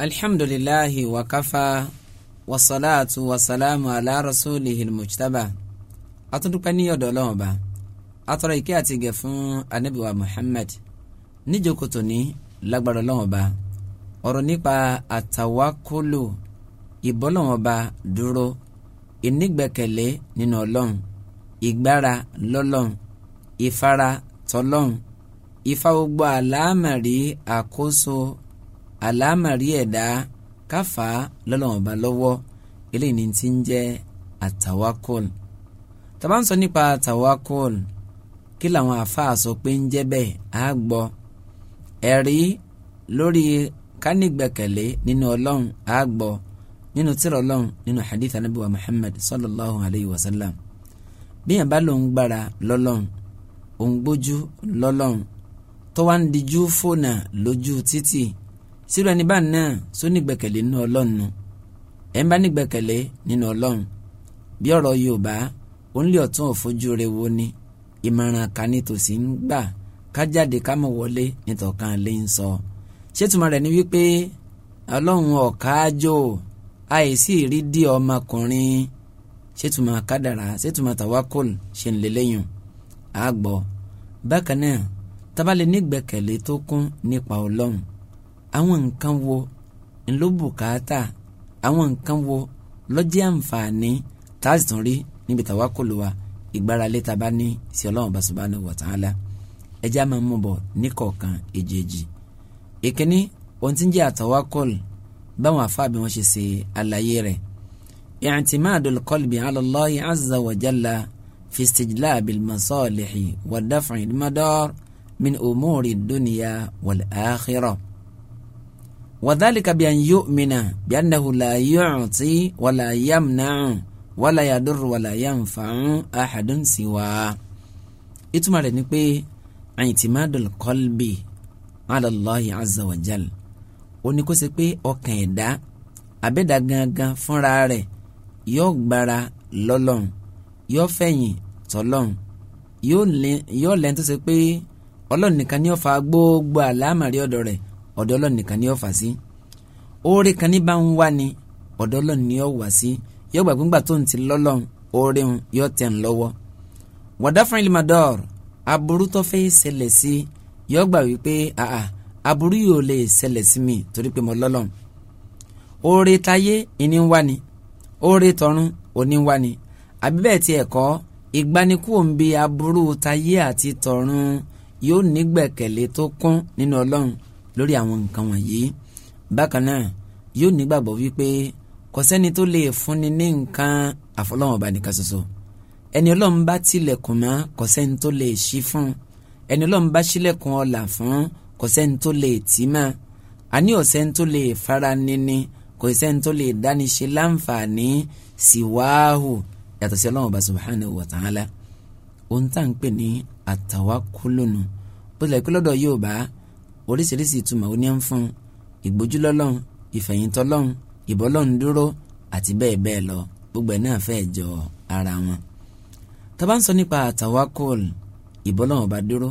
alhamdulilahi wakafa wasalaatu wasalaamu ala rasulihi mujtaba atúndúpẹ́ ní ọ̀dọ̀ ọlọ́run ọba atọrọ ìkẹ́ àti ìgẹ̀ fún anabiwa muhammad níjókòtò ní lágbára ọlọ́run ọba ọ̀rọ̀ nípa àtàwákólò ìbọ́lọ́run ọba dúró ìnígbẹ́kẹ̀lé nínú ọlọ́run ìgbára lọ́lọ́run ìfara tọ́lọ́run ìfa gbogbo àlámàrí àkóso àlámàrí ẹ̀dá káfà lọ́lọ́wọ́n bá lọ́wọ́ eléyìí ni ti ń jẹ́ àtàwákùn tàbá ń sọ nípa àtàwákùn kí làwọn àáfàá sọ pé ń jẹ́ bẹ́ẹ̀ á gbọ́ ẹ̀rí lórí kánígbẹ́kẹ̀lé nínú ọlọ́run á gbọ́ nínú tírà ọlọ́run nínú hadith Ànábì wa Muhammad sallallahu alayhi wa sallam bíyàn bá lòun gbára lọ́lọ́run òun gbójú lọ́lọ́run tó wá ń dijú fònà lójú títì sírò ẹni bá náà só nígbẹ̀kẹ̀lé nínú ọlọ́run nu ẹ̀ ń bá nígbẹ̀kẹ̀lé nínú ọlọ́run bí ọ̀rọ̀ yorùbá òǹlẹ̀ ọ̀tún òfojú rẹ̀ wo ni ìmọ̀ràn kan nítòsí ń gbà ká jáde ká mọ̀ wọlé nítọ̀kan lè ń sọ ṣètùmọ̀ rẹ̀ ni wípé ọlọ́run ọ̀káájò àìsí ìrídìí ọmọkùnrin ṣètùmọ̀ kádàrá ṣètùmọ̀ tàwákùl ṣe ń lélẹ́yìn àgbọ̀ bákan náà tábàlẹ̀ nígbẹ̀kẹ̀lé tó kún nípa ọlọ́run àwọn nǹkan wo ńlọ bùkátà àwọn nǹkan wo lọ́jẹ́ àǹfààní táàsì tún rí níbi tàwa kò lò wá ìgbáralé ta bá ní sí ọlọ́run bá subhanahu wa ta'ala ẹjẹ́ àmọ́ mú bọ̀ níkọ̀ọ̀kan èjèèjì ìkíní ohun tí ń jẹ́ àtàwákọ́l báwọn afáà bí wọ́n ṣe ṣe àlàyé rẹ̀ i'timadul qalbi ala Allahi azza wa jalla fi istijlabil masalihi wa daf'il madar min wadhalika bi an yu'mina bi annahu la yu'ti wa la yamna'u wa la yadurru wa la yanfa'u ahadun siwa. ìtumọ̀ rẹ̀ ni pé i'timadul qalbi ala Allahi azza wa jal ó ní kó ṣe pé ọkàn ẹ̀dá abẹ́dá gangan fúnra rẹ̀ yóò gbára lọ́lọ́run yóò fẹ̀yìn tọ́lọ́run yóò lẹ́ni tó ṣe pé ọlọ́run ni ó fa gbogbo àlámàrí ọ̀dọ̀ rẹ̀ ọ̀dọ̀ nìkan ni ó fà sí oore kan ní bá ń wá ni ọ̀dọ̀ Ọlọ́run ni ó wà sí yóò gbàgbé ńgbà tó ń ti lọ́lọ́run oore ń yóò tẹ̀ ń lọ́wọ́ wàdá fún ilimador aburú tó fẹ́ ṣẹlẹ̀ sí yóò gbà wípé àà aburú yóò lè ṣẹlẹ̀ sí mi torí pé mo lọ́lọ́run oore tayé ìní ń wá ni oore tọ̀run òní ń wá ni àbí bẹ́ẹ̀ ìgbanikú òǹbi aburú tayé àti tọ̀run yóò nígbẹ̀kẹ̀lé tó kún nínú ọlọ́run lórí àwọn nǹkan wọ̀nyí bákan náà yóò nígbàgbọ́ wípé kò sẹ́ni tó lè fúnni ní nǹkan àfọlọ́wọn ọba nìkan ṣoṣo ẹni ọlọ́run bá tilẹ̀kùn mọ́ kò sẹ́ni tó lè ṣí fún ẹni ọlọ́run bá ṣílẹ̀kùn ọlà fún kò sẹ́ni tó lè tì í mọ́ àní ọ̀sẹ́ni tó lè fara níní kò sẹ́ni tó lè dáni ṣe láǹfààní síwáhù yàtọ̀ sí ọlọ́run ọba subhanahu wa ta'ala ohun tá à ń pè ní àtàwákúlónù bó tilẹ̀ pé lọ́dọ̀ Yorùbá oríṣiríṣi ìtumọ̀ ó ní ń fún ìgbójúlọ́lọ́hún ìfẹ̀yìntọ́lọ́hún ìbọ́lọ́hún dúró àti bẹ́ẹ̀ bẹ́ẹ̀ lọ gbogbo ẹ̀ náà fẹ́ẹ̀ jọ ara wọn. tá bá ń sọ nípa àtàwákòl ìbọ́lọ́hún bá dúró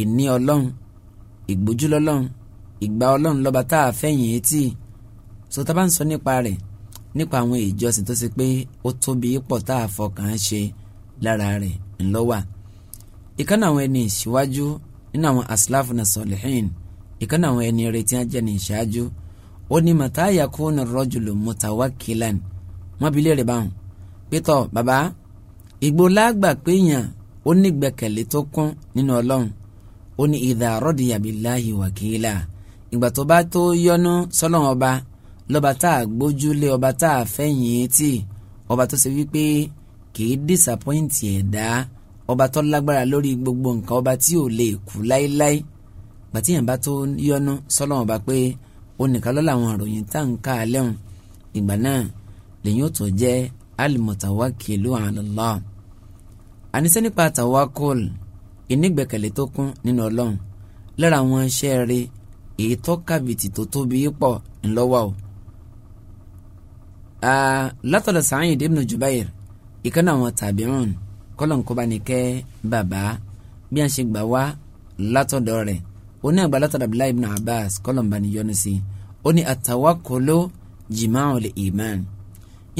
ìní ọlọ́hún ìgbójúlọ́lọ́hún ìgbà ọlọ́hún lọ́ba tá a fẹ̀yìn etí so tá ń sọ nípa rẹ̀ nípa àwọn ìjọsìn tó ṣe pé ó tóbi pọ̀ tá a fọkàn ṣe lára rẹ̀ ńlọ́wà ìkànnì àwọn ẹni ìṣíwájú nínú àwọn asilaafu na sọlihin ìkànnì àwọn ẹni retí ajẹ ní ìṣáájú ó ní màtáyà kó na rọjùlù mutawakilan wọn bi léèrè báwọn pétọ bàbá ìgbò lágbà péyàn ó ní gbẹ́kẹ̀lé tó kún nínú Ọlọ́run ó ní ìdá rọdìyà billahi wàkìlà ìgbà tó bá tó yọ́nú sọ́lọ́run ọba lọ́ba tá a gbójúlé ọba tá a fẹ̀yìn etí ọba tó ṣe wípé kì í disappoint ẹ̀dá. E ọba tó lágbára lórí gbogbo nǹkan ọba tí ò lè kú láéláé gbàtíyàn bá tó yọnu sọlọ́wọ́n bá pé onìkan lọ́la àwọn àròyìn tá à ń ká lẹ́hùn ìgbà náà lèyìn ó tó jẹ́ alimọ̀tàwákìlú àlọ́lá ànisẹ́ nípa tàwákùl ìnígbẹ̀kẹ̀lé tó kún nínú ọlọ́run lára àwọn iṣẹ́ rẹ èyí tó kábìtì tó tóbi pọ̀ ńlọ́wọ́ o. látọ̀dọ̀ Sa'id ibn Jubair ìkànnì àwọn tàbíùn kọ́lọ̀nkọ́bánikẹ́ bàbá bí a ṣe gbà wá látọ̀dọ̀ rẹ̀ oní àgbà látọ̀dọ̀ Abdullahi ibn Abbas kọ́lọ̀nbani yọ́nú sí ó ní àtàwákọ́lọ́ jìmáwòlè iman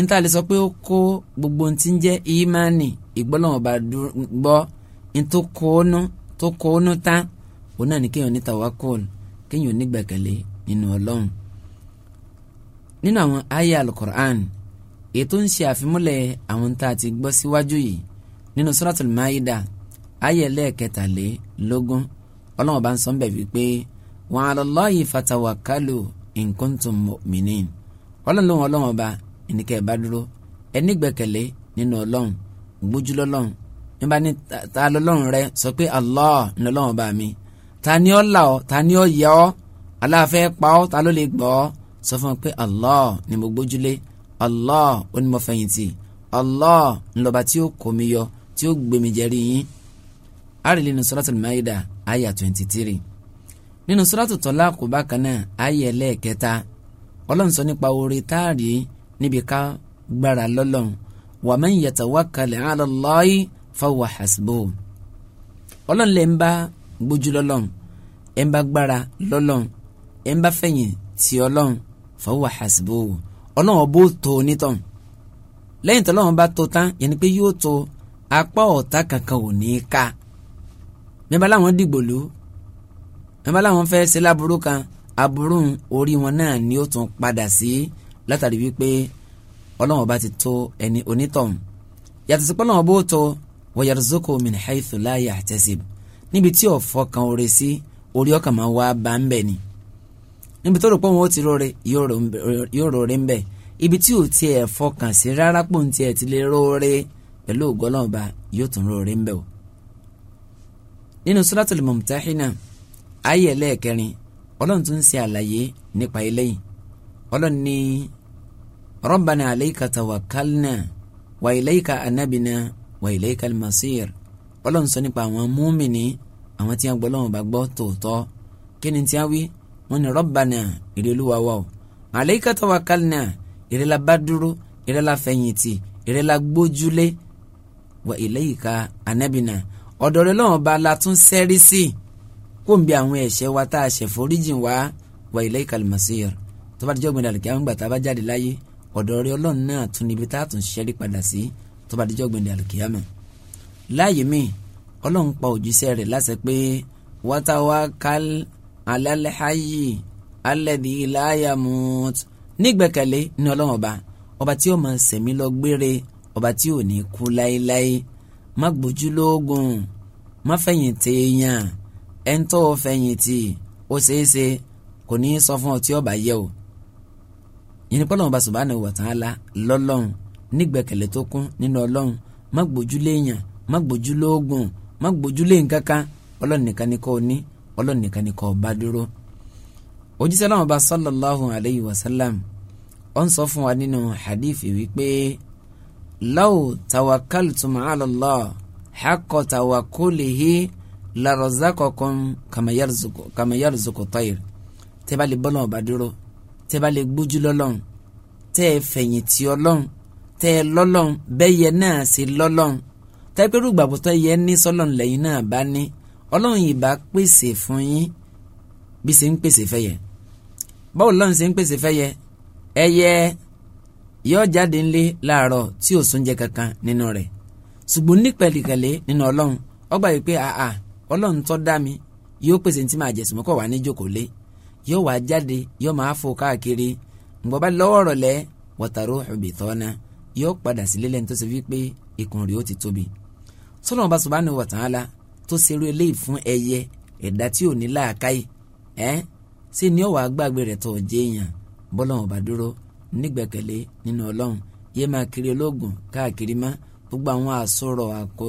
níta lè sọ pé ó kó gbogbo ohun tí ń jẹ́ imani ìgbọ́lọ́wọ́n bá gbọ́ ní tó kóónú tó kóónú tán òun náà ní kéèyàn ní tàwákọ́lù kéèyàn ní gbẹ̀kẹ̀lé nínú Ọlọ́run nínú àwọn àyà alukur'an ètò ń ṣe àfimúlẹ̀ àwọn tá a ti gbọ́ síwájú yìí nínú suratul maida ayé lẹ́ẹ̀kẹtàlélógún ọlọ́run bá ń sọ ń bẹ̀ wípé wa 'ala Allahi fatawakkalu in kuntum mu'minin ọlọ́run lóhun ọlọ́run ọba ẹnìkẹ́ ẹ̀ bá dúró ẹni gbẹ́kẹ̀lé nínú ọlọ́run gbójú lọ́lọ́run nígbà ní ta lọ́lọ́run rẹ sọ pé Allah ní ọlọ́run mi ta ni ọ́ là ọ́ ta ni ọ́ yẹ ọ́ aláàfẹ́ pa ọ́ ta ló lè gbọ́ ọ́ sọ fún mi pé Allah ni mo gbójúlé Allah onímọ̀fẹ̀yìntì Allah ńlọba tí ó kó mi yọ tí ó gbèmí jẹ́rí yín àrí nínú suratul Maida àyà twenty three nínú suratul Talaq bákan náà àyà ẹlẹ́ẹ̀kẹta ọlọ́run sọ nípa oore táàrí níbi ká gbára lọ́lọ́run wa man yatawakkal ala Allahi fahuwa hasbuh ọlọ́run lè ń bá gbójú lọ́lọ́run ẹ̀ ń bá gbára lọ́lọ́run ẹ̀ ń bá fẹ̀yìn tì ọlọ́run fahuwa hasbuh ọlọ́run ọbọ̀ tó onítàn lẹ́yìn tó bá tó tán yẹn ni pé yóò tó apá ọ̀tá kankan ò ní í ká bẹ́ẹ̀ láwọn dìgbò ló bẹ́ẹ̀ láwọn fẹ́ ṣe láburú kan aburú orí wọn náà ni ó tún padà sí látàrí wípé ọlọ́wọ́n bá ti tó ẹni onítọ̀hún yàtọ̀ sí pọ́nlọ́wọ́n bó tó wa yarzuqu min haythu la yahtasib níbi tí ọ̀fọ́ kan oore sí orí ọkàn máa wá bá ń bẹ̀ ni níbi tó rò pé wọn ó ti rọrẹ yóò rọrẹ ń bẹ̀ ibi tí ò tiẹ̀ fọkàn sí rárá pò ń tiẹ̀ ti lè rọrẹ pẹ̀lú ògo Ọlọ́run bá yóò tún rọrí ń bẹ̀ o. nínú suratul mumtahina ayé ẹlẹ́ẹ̀kẹrin Ọlọ́run tún ń ṣe àlàyé nípa eléyìí Ọlọ́run ní rabbana alayka tawakkalna wa ilayka anabina wa ilayka almasir Ọlọ́run sọ nípa àwọn múmìnì àwọn tí a gbọ́ Ọlọ́run gbọ́ tòótọ́ kí ni tí a wí wọ́n ní rabbana ìrẹ́lúwa wa ilayka anabina ọ̀dọ̀ rẹ lọ́wọ́n ba la tún sẹ́rí sí kó n bí àwọn ẹ̀ṣẹ̀ wa tá a ṣẹ̀ foríjìn wá wà ilayka al-masir tó bá ti jọ́ gbẹ̀dẹ̀ àlùkí àwọn gbàtà bá jáde láyé ọ̀dọ̀ rẹ ọlọ́run náà tún níbi tá a tún ṣẹ́rí padà sí tó bá ti jọ́ gbẹ̀dẹ̀ àlùkí àmọ́ láàyè míì ọlọ́run pa òjíṣẹ́ rẹ̀ láṣẹ pé watawakkal alal hayyi la yamut nígbẹ́kẹ̀lé ní ọlọ́run ọba ọba tí ó ọba tí ò ní kú láéláé má gbójú lóògùn má fẹ̀yìntì èèyàn ẹ̀ńtọ́ fẹ̀yìntì ó ṣeéṣe kò ní í sọ fún ọ tí ọba yẹ o yẹn ni pọ́lọ́mù bá subhanahu wa ta'ala lọ́lọ́run nígbẹ̀kẹ̀lẹ̀ tó kún nínú ọlọ́run má gbójú léèyàn má gbójú lóògùn má gbójú léyìn kankan ọlọ́run nìkan ni kò ní ọlọ́run nìkan ni kò bá dúró òjíṣẹ́ náà bá sallallahu alayhi wa sallam ó ń sọ fún wa nínú hadith law tawakkaltum ala Allah haqqa tawakkulihi larazaqakum kama yarzuqu kama yarzuqu tayr tẹ́ bá lè bọ́ lọ́wọ́ bá dúró tẹ́ bá lè gbójú lọ́lọ́run tẹ́ ẹ fẹ̀yìntì ọlọ́run tẹ́ ẹ lọ́lọ́run bẹ́yẹ náà sí lọ́lọ́run tẹ́pẹ́rú gbàgbọ́tọ́ yẹ ní sọ́lọ́run lẹ́yìn náà bá ní ọlọ́run yìí bá pèsè fún yín bí ṣe ń pèsè fẹ́yẹ báwo lọ́run ṣe ń pèsè fẹ́yẹ ẹyẹ yóò jáde ńlé láàárọ̀ tí ò sóúnjẹ kankan nínú rẹ̀ ṣùgbọ́n ní pẹ̀lẹ́kẹ̀lẹ́ nínú ọlọ́run ó gbà wípé àà ọlọ́run tó dá mi yóò pèsè ní tí màá jẹ sùnmọ́kọ̀ wà ní jókòó lé yóò wá jáde yóò máa fò káàkiri ǹgbọ́n bá lọ́wọ́ ọ̀rọ̀ lẹ́ wọ́tàró ọ̀bì tọ́ná yóò padà sílé lẹ́nu tó ṣe wípé ikùn rẹ̀ ó ti tóbi sọlọ́n bá sọ̀bá ni wọ̀tàhálà tó ṣe eré eléyìí fún ẹyẹ ẹ̀dá tí ò ní láàkáyì ẹ́ sì ní ọ̀wà àgbàgbé rẹ̀ tó jẹ́ èèyàn bọ́lọ́wọ́n bá dúró nígbẹ́kẹ̀lé nínú Ọlọ́run yé máa kiri ológun káàkiri mọ́ gbogbo àwọn àsọ̀rọ̀ àkọ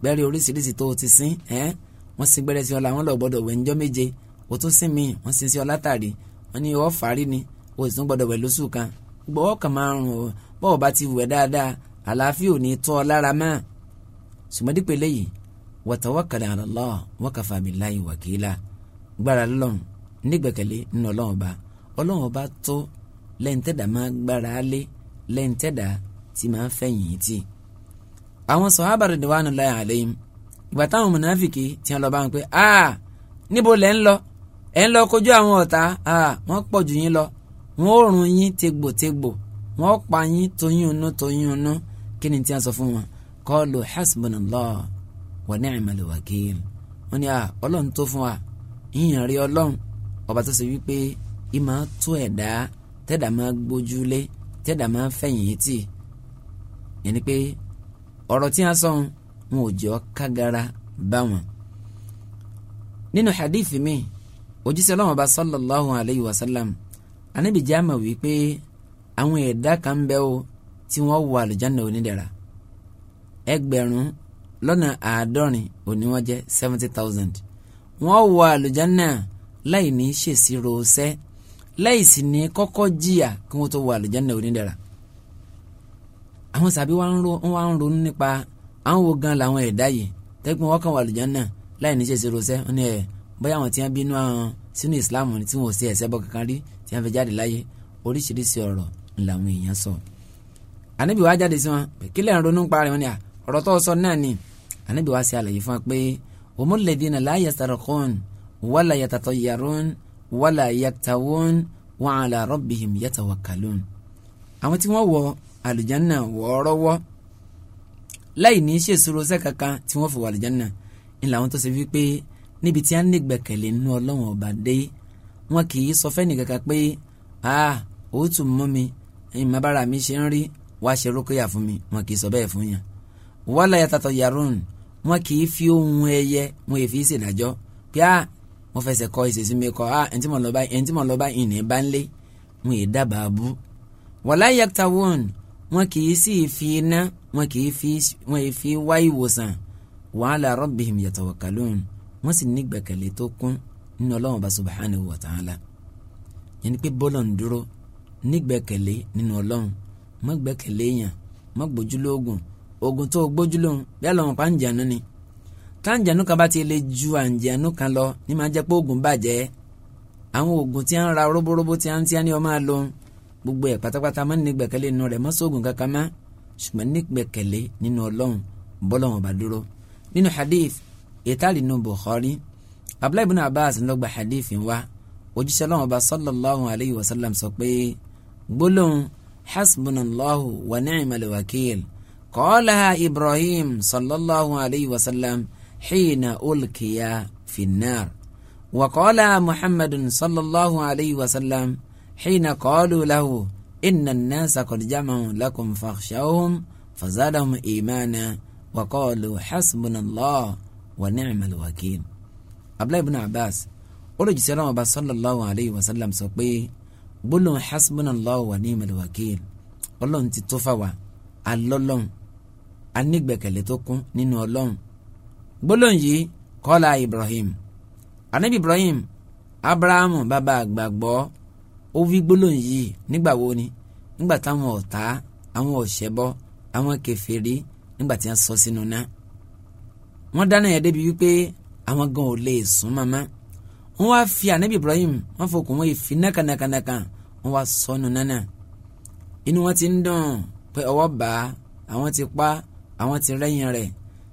gbẹ́rẹ́ oríṣiríṣi tó o ti sín ẹ́ wọ́n sin gbẹ́rẹ́ sí ọ làwọn lọ gbọ́dọ̀ wẹ̀ ńjọ́ méje o tún sin mi wọ́n sin sí ọ látàrí wọ́n ní ọ fàárí ni o sì tún gbọ́dọ̀ wẹ̀ lóṣù kan gbọ́ ọkàn máa rùn o bọ́ọ̀ bá ti wẹ̀ dáadáa àlàáfíà ò ní tọ́ ọ lára mọ́ sùmọ́dípẹ́ lẹ́yìn wa tawakkal ala Allah wa wakila gbára lọ́run nígbẹ́kẹ̀lé nínú Ọlọ́run ọba Ọlọ́run lẹ́ǹtẹ̀dá máa gbára lé lẹ́ǹtẹ̀dá tí máa fẹ̀yìn tì. àwọn sọ̀hábà radiyallahu alayhim ìgbà táwọn mùnàfìkì tí wọ́n lọ bá wọn pé a níbo lẹ́ ń lọ ẹ̀ ń lọ kojú àwọn ọ̀tá a wọ́n pọ̀ jù yín lọ wọ́n ó run yín tegbòtegbò wọ́n ó pa yín toyúnnú toyúnnú kí ni tí wọ́n sọ fún wọn qalu hasbunallah wa ni'mal wakil wọ́n ní ọlọ́run tó fún wa ìyìn rí ọlọ́run ọba tó wípé ìmọ̀ tó ẹ̀dá tẹ́dà máa gbójú lé tẹ́dà máa fẹ̀yìn tì yẹn ni pé ọ̀rọ̀ tí a sọ wọn ò jọ kágara bá wọn. nínú hadith mi òjíṣẹ́ ọlọ́wọ́n bá sallallahu alayhi wa sallam anábìjẹ́ àmà wípé àwọn ẹ̀dá kan ń bẹ o tí wọ́n wọ àlùjáná onídàra ẹgbẹ̀rún lọ́nà àádọ́rin òní wọ́n jẹ́ seventy thousand wọ́n wọ àlùjáná láì ní ṣèṣirò sẹ́ẹ́ láìsí ní kọ́kọ́ jìyà kí wọ́n tó wọ àlùjáná onídàra àwọn sàbí wa ń ronú nípa àwọn wo gan làwọn ẹ̀dá yìí tẹ́gbọ́n wọn kàn wọ àlùjáná láì ní ṣèṣe rosẹ́ wọn ni ẹ̀ bóyá àwọn tí wọ́n bínú àwọn sínú ìsìláàmù tí wọn ò sí bọ́ kankan rí tí wọ́n fi jáde láyé oríṣiríṣi ọ̀rọ̀ làwọn èèyàn sọ. ànábì wa jáde sí wọn kí lẹ́yìn ronú pa rẹ̀ wọn ni à ọ̀rọ̀ tó sọ náà ni ànábì wa ṣe àlàyé fún wa pé òmùlẹ̀dínà láyé sàrọ̀kọ́n wàlàyé tàtọ̀ yàrún wala yaktawun wa ala rabbihim yatawakkalun àwọn tí wọ́n wọ àlùjánà wọ́ọ́rọ́wọ́ láì ní ṣèṣòro sẹ́kankan tí wọ́n fi wọ àlùjánà ńlá àwọn tó ṣe wípé níbi tí a ń ní gbẹ̀kẹ̀lé nínú ọlọ́run ọba dé wọn kì í sọ fẹ́ni kankan pé a ò tún mọ́ mi ìmọ̀ bára mi ṣe ń rí wàá ṣe rókòyà fún mi wọn kì í sọ bẹ́ẹ̀ fún yàn wọ́n láyà tàtọ̀ yàrún wọn kì í fi ohun ẹyẹ wọn èfi ṣèdájọ́ pé a mo fẹsẹ̀ kọ ìṣesí mi kọ ah ẹni tí mo lọ bá ẹni tí mo lọ bá ìní bá ń lé wọn yìí dábàá bú. wọ́lá yẹ́kítà wọ́n wọn kì í sì fi iná wọn kì í fi wọn fi wá ìwòsàn wàhálà rabbihim yatawakkalun wọ́n sì ní gbẹ̀kẹ̀lé tó kún nínú ọlọ́run bá subhanahu wa ta'ala. yẹn ni pé bọ́lọ̀ ń dúró ní gbẹ̀kẹ̀lé nínú ọlọ́run má gbẹ̀kẹ̀lé yàn má gbójúlógún ogun tó gbójúlóhun bí táǹjànú kan bá ti lè ju àǹjànú kan lọ ní máa jẹ́ pé oògùn bàjẹ́ àwọn oògùn tí a ń ra róbóróbó tí a ń tí a ní ọmọ àlọ gbogbo ẹ̀ pátápátá máa ń ní gbẹ̀kẹ̀lé nínú rẹ̀ mọ́ sóògùn kankan má ṣùgbọ́n ní gbẹ̀kẹ̀lé nínú ọlọ́run bọ́lọ́run bá dúró nínú hadith ìtàlí nínú Bukhari Abdullahi ibn Abbas ń lọ́gba hadith wa ojúṣe ọlọ́run ọba sallallahu alayhi wa sallam sọ pé gbólóhùn hasbunallahu wa ni'mal wakil Ibrahim sallallahu alayhi wa sallam hina ulkiya finnar wakọ́lá muhammadun sallallahu alayhi wa sallam hina kọ́ọ̀lù lahu inna nasa kọ́ni jamaun lakum fakhshawhum fazadahum imana wakọ́ọ̀lù hasbunallah wa ni'mal wakil. abdullahi ibn abbas olùjíṣẹ́ náà ọba sallallahu alayhi wa sallam sọ pé gbólóhùn hasbunallahu wa ni'mal wakil ọlọ́run ti tó fáwa alọ́lọ́run anígbẹ̀kẹ̀lé tó kún nínú ọlọ́run gbólóhùn yìí kọ́lá Ibrahim anabi Ibrahim Abrahamu bàbá àgbàgbọ́ ó wí gbólóhùn yìí nígbà wo ni nígbà táwọn ọ̀tá àwọn ọ̀ṣẹ́bọ àwọn kèfèrí nígbà tí wọ́n sọ sínú náà wọ́n dáná yẹn débi wípé àwọn gan ò lè sún mọ́mọ́ wọ́n wá fi anabi Ibrahim wọ́n fokùn wọ́n fi nákànákànákà wọ́n wá sọnù nánà inú wọn ti ń dùn pé ọwọ́ bá àwọn ti pa àwọn ti rẹ́yìn rẹ̀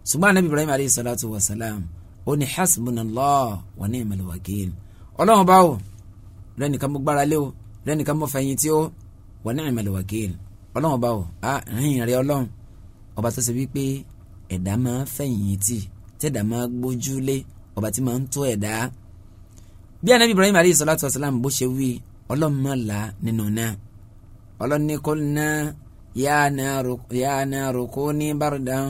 ṣùgbọ́n anabi ibrahim aleyhi salatu wa salam ó ní hasbunallah wa ni'mal wakil ọlọ́run báwo rẹ̀ nìkan mo gbára lé o rẹ̀ nìkan mo fẹ̀yìn tí ó wa ni'mal wakil ọlọ́run báwo a rìn rẹ̀ ọlọ́run ọba tó ṣe wípé ẹ̀dá máa fẹ̀yìn tì tẹ̀dá máa gbójú lé ọba tí máa ń tó ẹ̀dá bí anabi ibrahim aleyhi salatu wa salam bó ṣe wí ọlọ́run máa là nínú náà ọlọ́run ní kó ná yáa náà rúkú ní bárúdán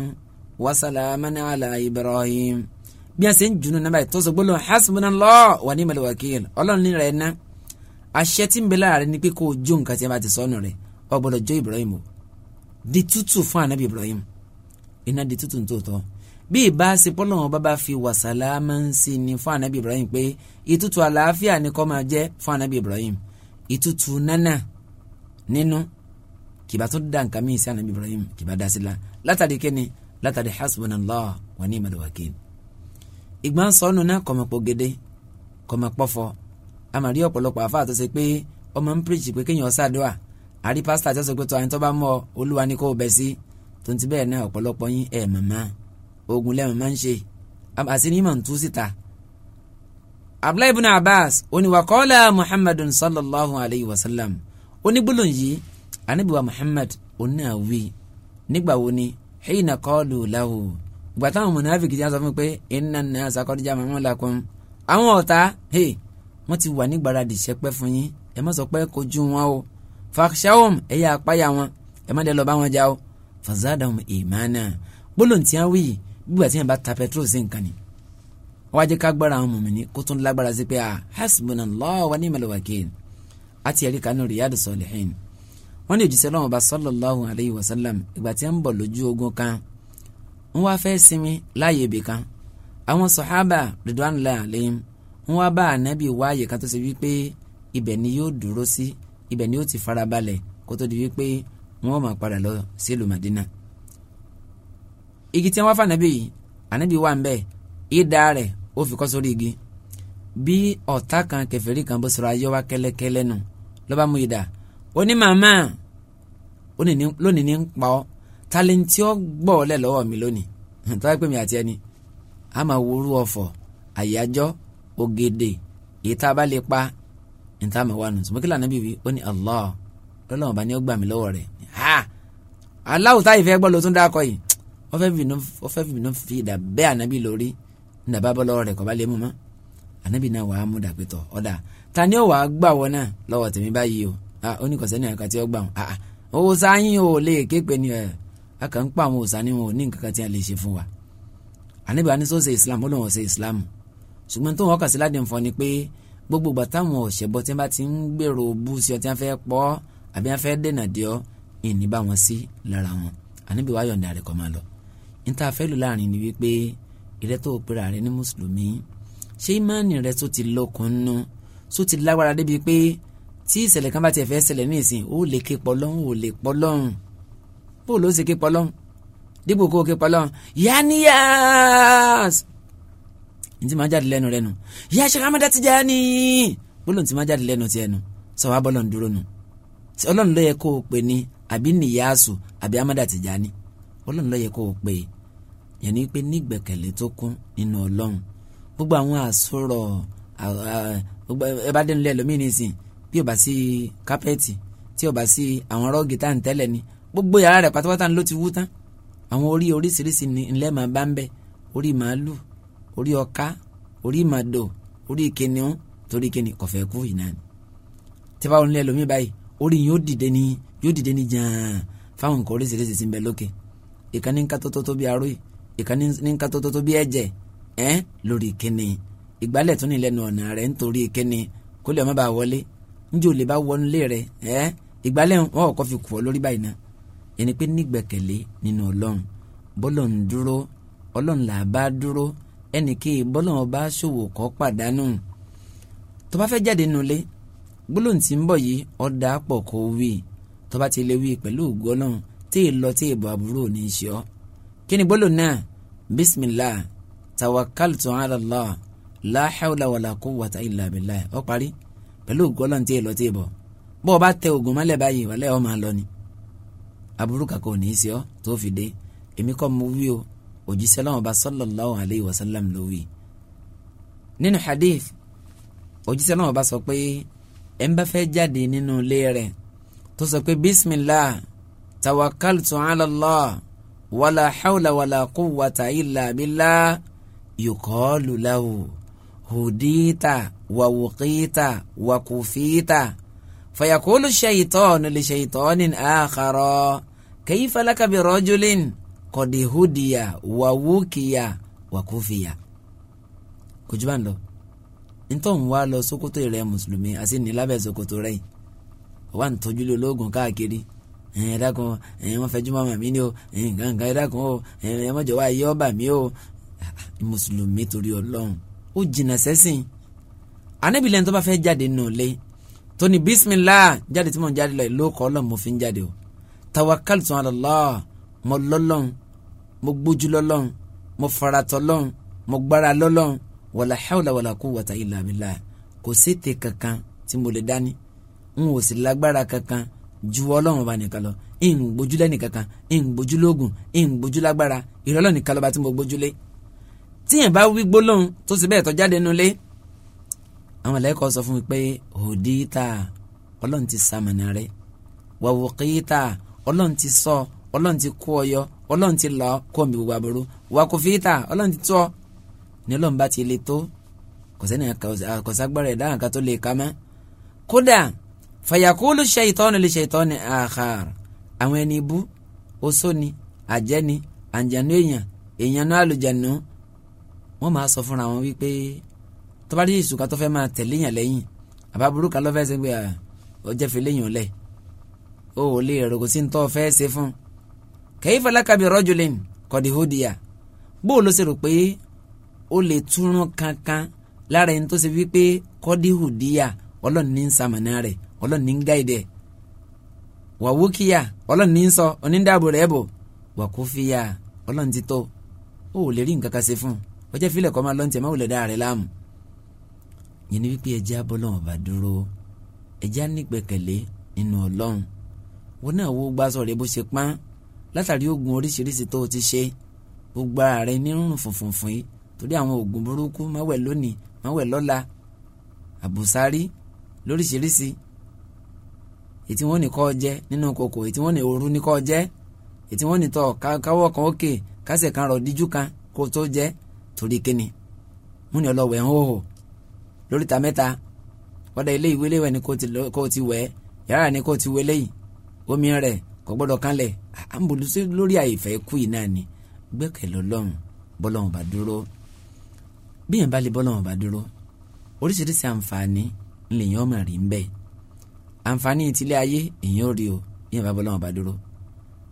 wasalaman ala ibrahim bí a ṣe ń junu náà báyìí tó sọ gbólóhùn hasbunallah wa ni'mal wakil ọlọ́run ní rẹ̀ ná àṣẹ tí ń bẹ láàrin ni pé kó o jó nǹkan tí a bá ti sọnù rẹ̀ o gbọ́dọ̀ jó ibrahim o di tútù fún anabi ibrahim iná di tútù nítòótọ́ bí ìbá ṣe bá bá fi wàsálàmà sí ni fún anabi ibrahim pé ìtútù àlàáfíà ni kó máa jẹ́ fún anabi ibrahim ìtútù nánà nínú kìbá tó dá nǹkan míì sí anabi ibrahim kìbá dá sí la látàrí kẹ́ni látàrí hasbunallah wa ni'mal wakil. ìgbà ń sọnù náà kọ̀mọ̀pọ̀ gèdè kọ̀mọ̀pọ̀fọ̀ amàrí ọ̀pọ̀lọpọ̀ àfa àtúnṣe pé ọmọ ń píríjì pé kéèyàn ṣàdúrà àrí pásítà tí ó sọ pé tó àyìn tó bá mọ olúwa ni kò bẹ̀ sí tó ti bẹ́ẹ̀ náà ọ̀pọ̀lọpọ̀ yín ẹ̀ màmá ogun lẹ́ màmá ń ṣe àti ní màmú tú síta. abdullahi ibn abbas oníwàkọ́lá muhammadun sallallahu alayhi wa sallam onígbólóhùn yìí anábìwá muhammad oníhàwí nígbà wo ni hina qalu lahu ìgbà táwọn mùnàfíkì ti sọ fún pé inna an-nasa qad jama'u lakum àwọn ọ̀tá wọ́n ti wà ní gbáradì sẹ́pẹ́ fún yín ẹ má sọ pé kojú wọn o fakhshawhum ẹ yà apáyà wọn ẹ má dẹ lọ bá wọn jà o fazadahum imana gbólóhùn tí wọ́n wí yìí gbígbà tí yẹn bá ta petrol sí nǹkan ni wọ́n á jẹ́ ká gbára àwọn mọ̀mí ni kó tún lágbára sí pé ah, hasbunallahu wa ni'mal wakeel àti ẹ̀rí kanú Riyadus wọ́n ní òjíṣẹ́ lọ́wọ́ bá sallallahu alayhi wa sallam ìgbà tí a ń bọ̀ lójú ogun kan ń wá fẹ́ sinmi láàyè ibì kan àwọn sọ̀hábà ridwanullahi alayhim ń wá bá ànábì wáàyè kan tó ṣe wípé ibẹ̀ ni yóò dúró sí ibẹ̀ ni yóò ti farabalẹ̀ kó tó di wípé wọ́n máa padà lọ sí ìlú Madina. igi tí wọ́n wá fànábì yìí ànábì wà ń bẹ̀ ìdá rẹ̀ ó fi kọ́ sórí igi bí ọ̀tá kan kèfèrí kan bó sọ̀rọ̀ ayọ́wá kẹ́lẹ́kẹ́lẹ́ nù ló mú ìdá Oni mama, lónìí ní ń pa ọ́ talenti ọ gbọ́ ọ lẹ̀ lọ́wọ́ mi lónìí tó wáá pè mí àti ẹni a máa wúrú ọ̀fọ̀ àyájọ́ ògèdè èyí bá lè pa níta mi wà nù sùmọ́ kí lànà ó ní Allah lọ́lọ́wọ́n bá ní ó gbà mí lọ́wọ́ rẹ̀ ha aláwọ̀ táyì fẹ́ gbọ́ ló tún dákọ̀ yìí wọ́n fẹ́ bìbínú fi ìdà bẹ́ẹ̀ ànábì lórí nígbà bá bọ́ lọ́wọ́ rẹ̀ kọ́ bá lé mú mọ́ ànábì náà wàá mú dàpẹ́tọ̀ ọ̀dà ta ni ó wàá gbà wọ náà lọ́wọ́ tèmi báyìí o Ah, ó ní kọ̀sẹ́ni àkàtà tí ó gbà wọn ah, ah, owó sáyìn ò lè képe ni ẹ̀ akàn ń pa àwọn òòsàn ni wọn ò ní nǹkan kan tí a lè ṣe fún wa àníbà ní sọ́ọ́ ṣe Islam ó lóun ọ̀ṣẹ́ Islam ṣùgbọ́n tó wọn kà sí ládìí nǹkan ni pé gbogbo ìgbà táwọn ọ̀ṣẹ́bọ tí wọ́n bá ti ń gbèrò bú sí ọ tí wọ́n fẹ́ pọ́ àbí wọ́n fẹ́ dènà dé ọ ìní bá wọn sí lára wọn àníbì wá yọ̀ǹda rẹ̀ kọ́ máa lọ. n ta fẹ́ lù láàrin ni wípé ìrẹ́ tó pera rẹ̀ ní mùsùlùmí ṣé ìmánì rẹ̀ tó ti lọ́kùn nù tó ti lágbára débi pé tí ìṣẹ̀lẹ̀ kan bá tiẹ̀ fẹ́ ṣẹlẹ̀ ní ìsìn ó lè ké pọlọ́hún ó lè pọlọ́hún bó ló ṣe ké pọlọ́hún dípò kó ké pọlọ́hún yáníyàs ní ti máa jáde lẹ́nu rẹ nu yá ṣàkámọ́dá ti jáni gbólóhùn ti máa jáde lẹ́nu tiẹ̀ nu sọ wá bọ́lọ̀ ń dúró nu ọlọ́run ló yẹ kó o pè ní àbí nìyáàsù àbí amọ́dá ti jáni ọlọ́run ló yẹ kó o pè yẹn ni pé nígbẹ̀kẹ̀lé tó kún nínú ọlọ́run gbogbo àwọn àsọ̀rọ̀ ẹ bá dénú lẹ́ẹ̀lómìnì sìn bí ó bá sí kápẹ́ẹ̀tì tí ó bá sí àwọn rọ́ọ̀gì tá à ń tẹ́lẹ̀ ni gbogbo yàrá rẹ̀ pátápátá ló ti wú tán àwọn orí oríṣiríṣi ńlẹ́ máa bá ń bẹ̀ orí màálù orí ọ̀ká orí màdò orí kìnìún torí kìnìún kò fẹ́ kú yìí náà ni tí báwọn ilé ẹlòmíì báyìí orí yóò dìde ní yóò dìde ní jàn fáwọn nǹkan oríṣiríṣi ti ń bẹ lókè ìkànnì ńká tó tó tó bí aró ìkànnì ńká tó tó tó bí ẹ̀jẹ̀ ẹ̀ lórí kìnìún ìgbálẹ̀ tún ní lẹ́nu ọ̀nà rẹ̀ nítorí kìnìún kó lè má wọlé njẹ́ o lè bá wọnú lé rẹ ẹ́ ìgbálẹ̀ wọn ò kọ́ fi kù ọ́ lórí báyìí náà yẹni pé nígbẹ̀kẹ̀lé nínú ọlọ́run bọ́lọ̀n dúró ọlọ́run là bá dúró ẹnì kéè bọ́lọ̀n ọba ṣòwò kọ́ pàdánù tó bá fẹ́ jáde nulẹ̀ gbólóhùn tí ń bọ̀ yìí ọ̀dà pọ̀ kó wí tó bá ti lè wí pẹ̀lú ògo ọlọ́run tí ì lọ tí ì bọ̀ àbúrò ní í ṣọ́ kí ni gbólóhùn náà bismillah tawakkaltu ala Allah la hawla wala quwwata parí pẹ̀lú ògọ́lọ́n tí èlò tí ì bọ̀ bó o bá tẹ oògùn mọ́lẹ̀ báyìí wàlẹ́ ọ máa lọ ni aburú kàkọ́ ò ní í ṣe ọ́ tó fi dé èmi kọ́ mo wí o òjíṣẹ́ lọ́wọ́ bá sallallahu alayhi wa sallam ló wí. nínú hadith òjíṣẹ́ lọ́wọ́ bá sọ pé ẹ̀ ń bá fẹ́ jáde nínú ilé rẹ̀ tó sọ pé bismillah tawakkaltu ala Allah wala hawla wala quwwata illa billah yuqalu lahu hudita wawukita wakufita fayakulu shaitonu li shaitonin akharo kaifa laka bi rojulin kọ̀dì hudiya wawukiya wakufiya. kò jù bá ń lọ nítorí wàá lọ sokoto rẹ mùsùlùmí àti nílábẹ́ sokoto rẹ yìí wà ń tọ́jú lé ológun káàkiri ẹ̀ẹ́n ẹ̀dá kan ẹ̀ẹ́n wọ́n fẹjú mọ́mọ́ ni o ẹ̀ẹ́n gangan ẹ̀dá o ẹ̀ẹ́n ẹ̀mọ́jọ́ wa yí ọba mi o mùsùlùmí torí ọlọ́run ó jìnnà sẹ́sìn anabi lẹ́nu tó bá fẹ́ jáde nù lé tóní bisimilah jáde tí mo ń jáde lọ ìlú ọkọ̀ ọlọ́run mo fi ń jáde o tawakkaltu ala Allah mo lọ́lọ́run mo gbójú lọ́lọ́run mo faratọ́ lọ́run mo gbára lọ́lọ́run wala hawla wala quwwata illa billah kò sété kankan tí mo lè dání n ò sì lágbára kankan ju ọlọ́run ọba nìkan lọ ìn gbójúlẹ̀ nìkankan ìn gbójúlógún ìn gbójúlágbára ìrọ̀lọ́ nìkan lọ́ba tí mo gbójúlé tíyẹn bá wí gbólóhùn tó sì bẹ́ẹ̀ tó jáde nulẹ̀ àwọn ẹlẹ́kọ̀ọ́ sọ fún mi pé òdi ta ọlọ́run ti sàmànà rẹ wàwù kìí ta ọlọ́run ti sọ ọlọ́run ti kú ọyọ ọlọ́run ti lọ kó mi gbogbo àbúrò wàkùfì ta ọlọ́run ti tọ́ ní ọlọ́run bá ti le tó kọ̀sẹ́ni àkọ́sàgbọ́rẹ̀ dáhùn ká tó lè ka kódà fàyàkúlù ṣèyítọ́ni lè ṣèyítọ́ni àhàr àwọn ẹni ibú oṣó ni àjẹ́ èèyàn èèyàn náà àlùjànú wọ́n máa sọ fúnra wọn wípé tó bá rí ìṣùkà tó fẹ́ máa tẹ̀lé yàn lẹ́yìn àbá burúkú lọ́fẹ́ ṣe pé ọjọ́ fi léyìn ọ̀lẹ́ o ò lè rògbò sí ní tó fẹ́ ṣe fún kẹ́yìn fọlákàbí rọ́jòlín kọ̀dìhódìyà bó o lọ ṣe rò pé o lè túrún kankan lára ẹni tó ṣe wípé kọ́díhùdíyà ọlọ́run ní ń sàmànà rẹ̀ ọlọ́run ní ń gáìdẹ̀ wàwúkìyà ọlọ́run ní ń ọjọ́ ìfilẹ̀ kọ́ máa lọ́n tiẹ̀ máa wulẹ̀ dáa rẹ̀ láàmú. yẹn ni wípé ẹja bọ́lọ́wọ́n bá dúró ẹja nígbẹ̀kẹ̀lé nínú ọlọ́run wọn náà wo gbàsọ̀ rẹ bó ṣe pán látàrí oògùn oríṣiríṣi tó o ti ṣe gbogbo ààrẹ nírùn fùnfùnfùn yìí torí àwọn oògùn burúkú máwẹ̀ lónìí máwẹ̀ lọ́la àbùsárí lóríṣiríṣi ètí wọn ní kọ́ jẹ́ nínú kòkò ètí wọn ní òru ní kọ́ jẹ́ ètí wọn ní tọ́ káwọ́ kan ókè kásẹ̀ kan rọ̀ díjú kan kó tó jẹ́ torí kíni wọ́n ní ọlọ́wẹ̀ ń hóhò lóríta mẹ́ta wọ́dà ilé ìwé léwẹ̀ ni kò ti wẹ̀ yàrá ni kò ti wẹ̀ léyìí omi rẹ̀ kò gbọ́dọ̀ kánlẹ̀ àmbùlùsí lórí àìfẹ́ kú yìí náà ni gbẹ́kẹ̀lé ọlọ́run bọ́lọ́run bá dúró bí yẹn bá lè bọ́lọ́run bá dúró oríṣiríṣi àǹfààní lèyàn ọmọ rí ń bẹ àǹfààní ìtìlé ayé èyàn ò rí o bí yẹn bá bọ́lọ́run bá dúró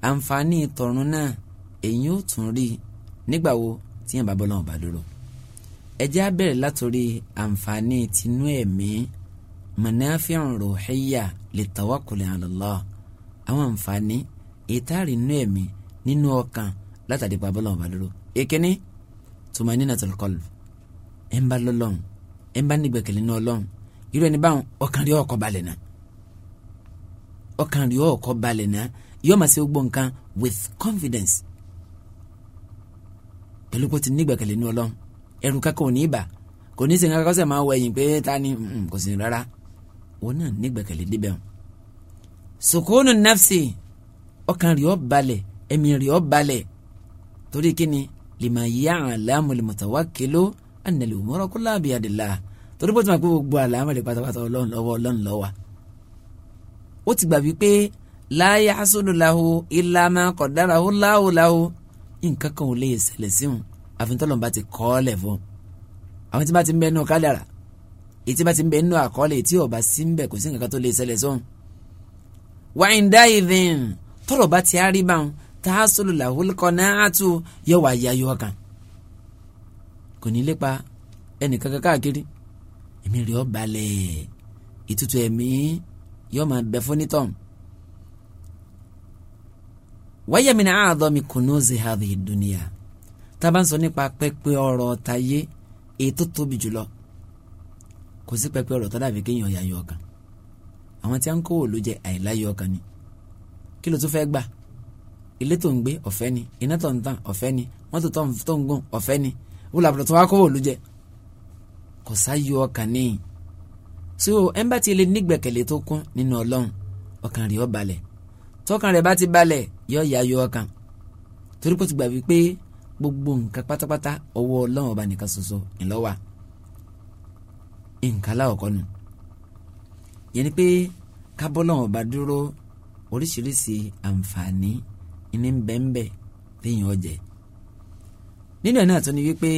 àǹfààní ìtọ̀run náà èyàn ò tún rí nígbà wo tí yẹn bá bọ́ lọ́wọ́ bá dúró. ẹ jẹ́ á bẹ̀rẹ̀ látòrí àǹfààní tinú ẹ̀mí manafi'un ruhiyya litawakkul ala Allah àwọn àǹfààní ìtaari inú ẹ̀mí nínú ọkàn látàdí pa bọ́lọ́wọ́ bá dúró. ìkíní tumaninatul qalb ẹ̀ ń bá lọ́lọ́run ẹ̀ ń bá nígbẹ̀kẹ̀lé ní ọlọ́run irú ẹni báwọn ọkàn rí ọkọ̀ balẹ̀ náà ọkàn rí ọkọ̀ balẹ̀ náà yọ́ọ́ with confidence pẹ̀lú pé ó ti nígbẹ̀kẹ̀lé ní ọlọ́run ẹ̀rù kankan ò ní bà kò ní sìnkà kọ́sẹ̀ máa wọ ẹ̀yìn pé ta ni kò sí rárá òun náà nígbẹ̀kẹ̀lé débẹ̀ wọn. sukunu nafsi ọkàn rí ọ balẹ̀ ẹ̀mí rí ọ balẹ̀ torí kíni lima ya'lamu al-mutawakkilu anna al-umura kullaha biyadillah torí bó ti máa pé gbogbo àlámọ̀lẹ̀ pátápátá ọlọ́run lọ́wọ́ ọlọ́run lọ́wọ́ nǹkan kan ò lè ṣẹlẹ̀ sí wọn àfintọ́lọ́n bá ti kọ́ ọ lẹ̀ fún àwọn tí bá ti ń bẹ nínú kádàrà ètí bá ti ń bẹ nínú àkọọ́lẹ̀ tí ọba sí ń bẹ kò sí nǹkan tó lè ṣẹlẹ̀ sóhun. wáyìndá ìdìn tọrọ bá ti á rí báwọn tá a sọlù làwùlùkọ náà tù yọ wá ya yọ ọkàn kò ní lépa ẹnìkan kan káàkiri èmi rí ọ balẹ̀ ìtutù ẹ̀mí yọ máa bẹ fún nítọ̀hún wáyé mi náà àádọ́ mi kò ní ó ṣe hàbí ìdúnìyà tá a bá ń sọ nípa pẹpẹ ọ̀rọ̀ tayé èyí tó tóbi jùlọ kò sí pẹpẹ ọ̀rọ̀ tó dàbí kéèyàn yáyọ ọkàn àwọn tí a ń kówó ló jẹ àìláyọ ọkàn ni kí ló tún fẹ́ gbà ilé tó ń gbé ọ̀fẹ́ ni iná tó ń tàn ọ̀fẹ́ ni mọ́tò tó ń gùn ọ̀fẹ́ ni wọ́n làbùrọ̀ tó wá kówó ló jẹ kò sáyọ ọkàn níyìn so ẹ̀ ń bá tó kún nínú ọlọ́run ọkàn rẹ̀ ó balẹ̀ tọkàn rẹ̀ bá ti balẹ̀ yọ ya yọ ọkàn torí kò ti gbà wípé gbogbo nǹkan pátápátá ọwọ́ ọlọ́run ọba nìkan ṣoṣo ńlọ́wà nǹkan láwọ̀kọ́ nù yẹn ni pé kábọ́lọ́run ọba dúró oríṣiríṣi àǹfààní ní bẹ́ńbẹ́ téèyàn ọ̀jẹ̀ nínú ẹ̀ náà tó ni wípé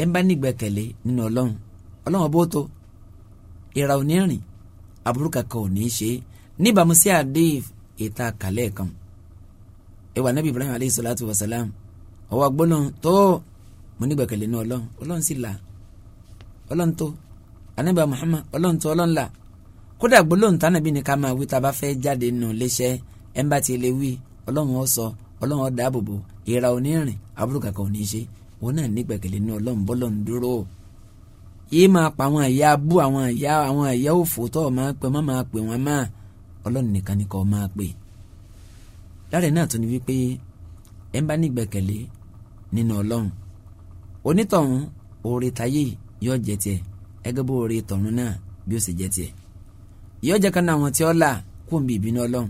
ẹ̀ ń bá nígbẹ́kẹ̀lé nínú ọlọ́run ọlọ́run ọba ó tó ìra ò ní rìn àbúrò kankan ò ní ṣe níbàámu sí àdéhìí ita kàlẹ́ kan ewa nabi ibrahim aleyhi salatu wa salam ọwọ́ agbóná tó mo nígbàkẹ̀lé ní ọlọ́run ọlọ́run sì là ọlọ́run tó anabi muhammad ọlọ́run tó ọlọ́run la, kódà gbólóhùn tánà bí ni ká máa wí tá a bá fẹ́ jáde nù léṣẹ́ ẹ̀ ń bá ti lè wí ọlọ́run ó sọ ọlọ́run ó dáàbòbò ìra onírìn àbúrò kàkà òní ṣe òun náà nígbàkẹ̀lé ní ọlọ́run bọ́lọ́run dúró o yìí máa pa àwọn àyà abú àwọn àyà àwọn àyà òfò tó o máa pè wọ́n máa pè wọ́n máa ọlọ́run nìkan ni kò máa pè lára náà tún ni wípé ẹ ń bá nígbẹ̀kẹ̀lé nínú ọlọ́run onítọ̀hún oore táyé yóò jẹ tiẹ̀ ẹgẹ́ bó oore tọ̀run náà bí ó sì jẹ tiẹ̀ yóò jẹ́ kan àwọn tí ó là kú òun bí ìbínú ọlọ́run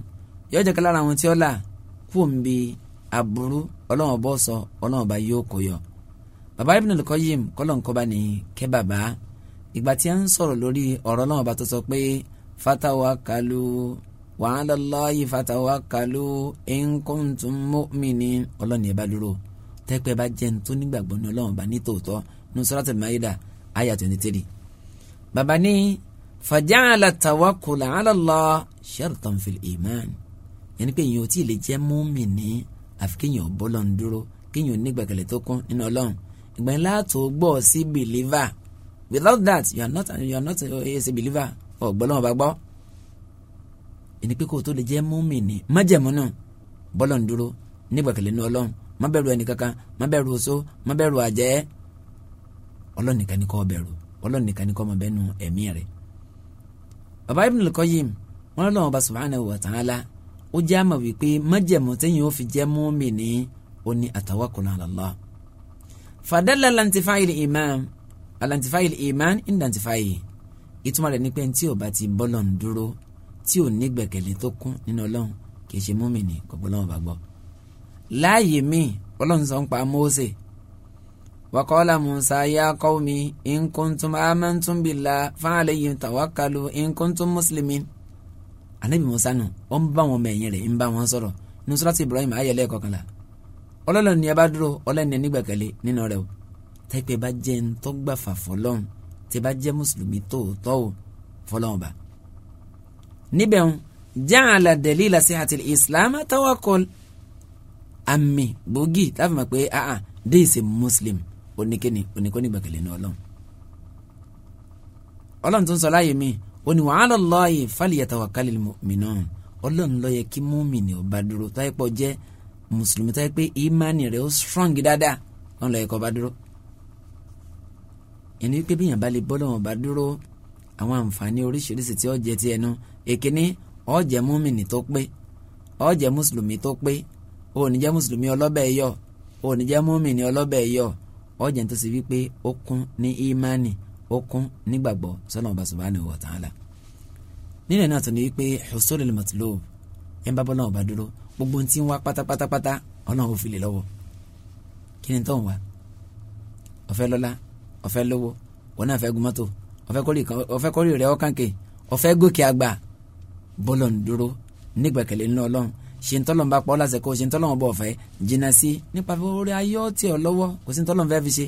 yóò jẹ́ kan lára àwọn tí ó là kú òun bí aburú ọlọ́run ọbọ̀ sọ ọlọ́run ọba yóò kó yọ bàbá Ibn al-Qayyim kọ́lọ̀ ńkọ́ bá ní kẹ́ bàbá ìgbà tí a ń sọ̀rọ̀ lórí ọ̀rọ̀ ọlọ́run ọba tó sọ pé fatawakalu wa ala Allahi fatawakalu in kuntum mu'minin ọlọ́ni ẹ̀ bá dúró tẹ́pẹ́ bá jẹun tó nígbàgbọ́ ní ọlọ́run bá ní tòótọ́ ní Suratul Maida àyà twenty three bàbá ní fàjáàlà tawakkula ala Allah shartan fil iman yẹnni pé èèyàn ò tí ì lè jẹ́ mùmínì àfi kéèyàn bọ́lọ̀ ń dúró kéèyàn onígbàgbẹ́lẹ̀ tó kún nínú ọlọ́run ìgbà ńlá tó gbọ́ sí believer without that you are not you are not a believer ọ̀gbọ́lọ́wọ́n bá gbọ́ ẹni pé kó o tó lè jẹ́ mùmínì májẹ̀mú náà bọ́lọ̀ ń dúró nígbàkẹ̀lé ní ọlọ́run má bẹ̀rù ẹnìkankan má bẹ̀rù oṣó má bẹ̀rù àjẹ́ ọlọ́run nìkan ni kó bẹ̀rù ọlọ́run nìkan ni kó máa bẹ́nu ẹ̀mí rẹ̀ bàbá Ibn al-Qayyim wọn lọ́wọ́ bá subhanahu wa ta'ala ó jẹ́ àmà wípé májẹ̀mú téèyàn ó fi jẹ́ mùmínì ó ní àtawakkul ala Allah fadalla lantifail iman alantifail iman indantifail ìtumọ̀ rẹ̀ ni pé tí ò bá ti bọ́lọ̀ ń dúró tí ò ní gbẹ̀kẹ̀lé tó kún nínú ọlọ́run kì í ṣe múmìnì kò gbọ́ lọ́wọ́ bá gbọ́. láàyè míì ọlọ́run sọ ń pa mose, wakọ́lá Musa yá qaumi in kuntum amantum billah fa'alayhi tawakkalu in kuntum muslimin. anabi Musa nù ó ń bá wọn mẹ̀yìn rẹ̀ ń bá wọn sọ̀rọ̀ ní surati Ibrahim ayẹlẹ́ kọkànlá ọlọ́run ni ẹ bá dúró ọlọ́run ni ẹ nígbẹ̀kẹ̀lé nínú rẹ̀ o tẹ́pẹ́ bá jẹ́ ń tọ́gbà fàfọ́ lọ́run tí bá jẹ́ mùsùlùmí tòótọ́ o fọlọ́ọ̀bà. níbẹ̀ ń ja'ala dalila sihatil islam tawakkul àmì gbòógì láfi mọ̀ pé àà déèsè muslim oníkéni oníkóni gbàgede ní ọlọ́run. ọlọ́run tó ń sọ láàyè mi ó ní wa 'ala Allahi falyatawakkalil mu'minun ọlọ́run ló kí mùmínì ó bá dúró táyé pọ̀ jẹ́ mùsùlùmí táyé pé ìmánì rẹ̀ ó strong dáadáa ọlọ́run ló yẹ dúró yẹn ni wípé bí yàn bá lè bọ́ lọ́wọ́ bá dúró àwọn àǹfààní oríṣiríṣi tí ó jẹ ti ẹnu èkíní ó jẹ́ múmìnì tó pé ó jẹ́ mùsùlùmí tó pé ó ní jẹ́ mùsùlùmí ọlọ́bẹ̀ yọ ó ní jẹ́ múmìnì ọlọ́bẹ̀ yọ ó jẹ́ tó sì wípé ó kún ní ímánì ó kún nígbàgbọ́ sọ́nà ọba subhanahu wa ta'ala nílẹ̀ náà tó ní wípé husulul matlub yẹn gbogbo ohun ń wá pátápátápátá ọ̀nà òfin lè lọ́wọ́ kí ni tó ń wá ó fẹ́ ó fẹ́ lówó wọn náà fẹ́ gun mọ́tò ó fẹ́ kórìí rẹ̀ ọ̀kànkè ó fẹ́ gòkè àgbà bọ́lọ̀ ń dúró nígbàkẹ̀lé ńlọ ọlọ́run ṣe ń tọ́lọ̀ ń bá pọ́ láṣẹ kó ṣe ń tọ́lọ̀ ń bọ̀ ọ̀fẹ́ jìnnà sí nípa orí ayé ọtí ọ lọ́wọ́ kò sí ń tọ́lọ̀ ń fẹ́ fi ṣe.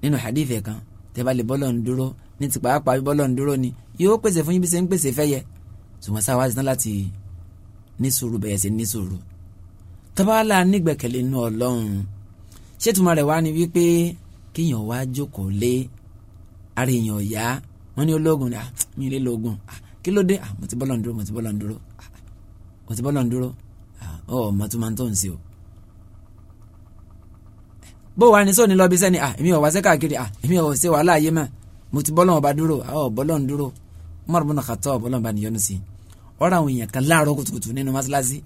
nínú hadith kan tẹ́ bá lè bọ́lọ̀ ń dúró ní ti pàápàá bí bọ́lọ̀ ń dúró ni yóò pèsè fún yín bí ṣe ń pèsè fẹ́ yẹ. ṣùgbọ́n sáà wá sí tán láti ní sùúrù bẹ̀yẹ̀ sí ní sùúrù. tọ́ba la nígbàkẹ̀lé inú ọlọ́run ṣé tùmọ̀ rẹ̀ wá ni wípé kéèyàn wá jókòó lé ara èèyàn ọ̀yá wọ́n ní ológun ni ah, mi lè lóògùn ah, kí ló dé ah, mo ti bọ́lọ̀ ń dúró mo ti bọ́lọ̀ ń dúró mo ti bọ́lọ̀ ń dúró ọ̀ ọmọ tó máa ń tó ń ṣe o. bó wàá ní sóòní lọ́bí sẹ́ni èmi ò wá sí káàkiri èmi ò ṣe wàhálà ayé mọ́ mo ti bọ́lọ̀ ọba dúró ọ̀ bọ́lọ̀ ń dúró Umar bin Khattab bọ́lọ̀ ń bá níyọnu sí i ọ̀rọ̀ àwọn èèyàn kan láàárọ̀ kùtùkùtù nínú mọ́ṣáláṣí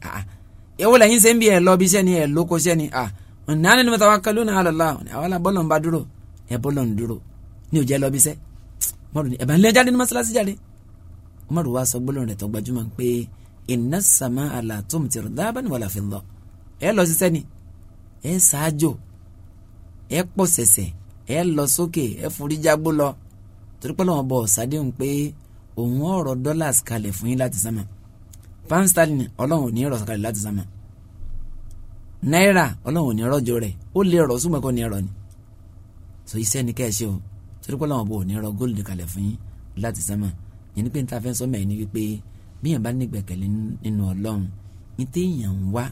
èwo lẹ́yìn ṣe bí ẹ̀ lọ́bí sẹ́ni ẹ̀ lóko sẹ́ni wọn nánà ni mutawakkaluna ala Allah àwọn abọ́lọ̀ ń bá dúró ẹ bọ́lọ̀ ń dúró ní òjẹ́ lọ bí sẹ́ mọ́rù ni ẹ̀bà ń lé jáde ní mọ́sálásí jáde mọ́rù wa sọ gbólóhùn rẹ̀ tó gbajúmọ̀ pé inna samaa la tumtir dhaban wala fidda ẹ lọ sísẹ́ ni ẹ ṣáájò ẹ pọ̀ sẹ̀sẹ̀ ẹ lọ sókè ẹ forí jágbó lọ torí pé lọ́wọ́ bọ̀ ṣàdéhùn pé òun ọ̀rọ̀ dọ́là kalẹ̀ fún yín láti sánmà pound sterling ọlọ́run ò ní ọ̀rọ̀ láti sánmà náírà ọlọ́run ò ní rọ́jò rẹ̀ ó lè rọ̀ súnmọ́ kó ní ẹ̀rọ ni so iṣẹ́ ni kẹ́ẹ̀ ṣe o torí pé ọlọ́run bò ní rọ góòlù kalẹ̀ fún yín láti sánmà yẹn ni pé n ta fẹ́ sọ́mọ̀ ẹ̀ ni wípé bí yàn bá nígbẹ̀kẹ̀lé nínú ọlọ́run ní téèyàn ń wá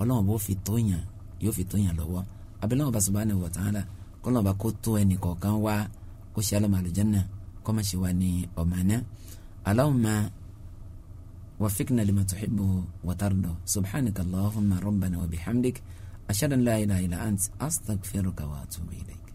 ọlọ́run bó fi tó yàn yóò fi tó yàn lọ́wọ́ abẹ́lẹ́wọ̀n bá subhanahu wa ta'ala kọ́lọ́n bá kó tó ẹnì kọ̀ọ̀kan wá وفقنا لما تحبه وترضى سبحانك اللهم ربنا وبحمدك أشهد أن لا إله إلا أنت أستغفرك وأتوب إليك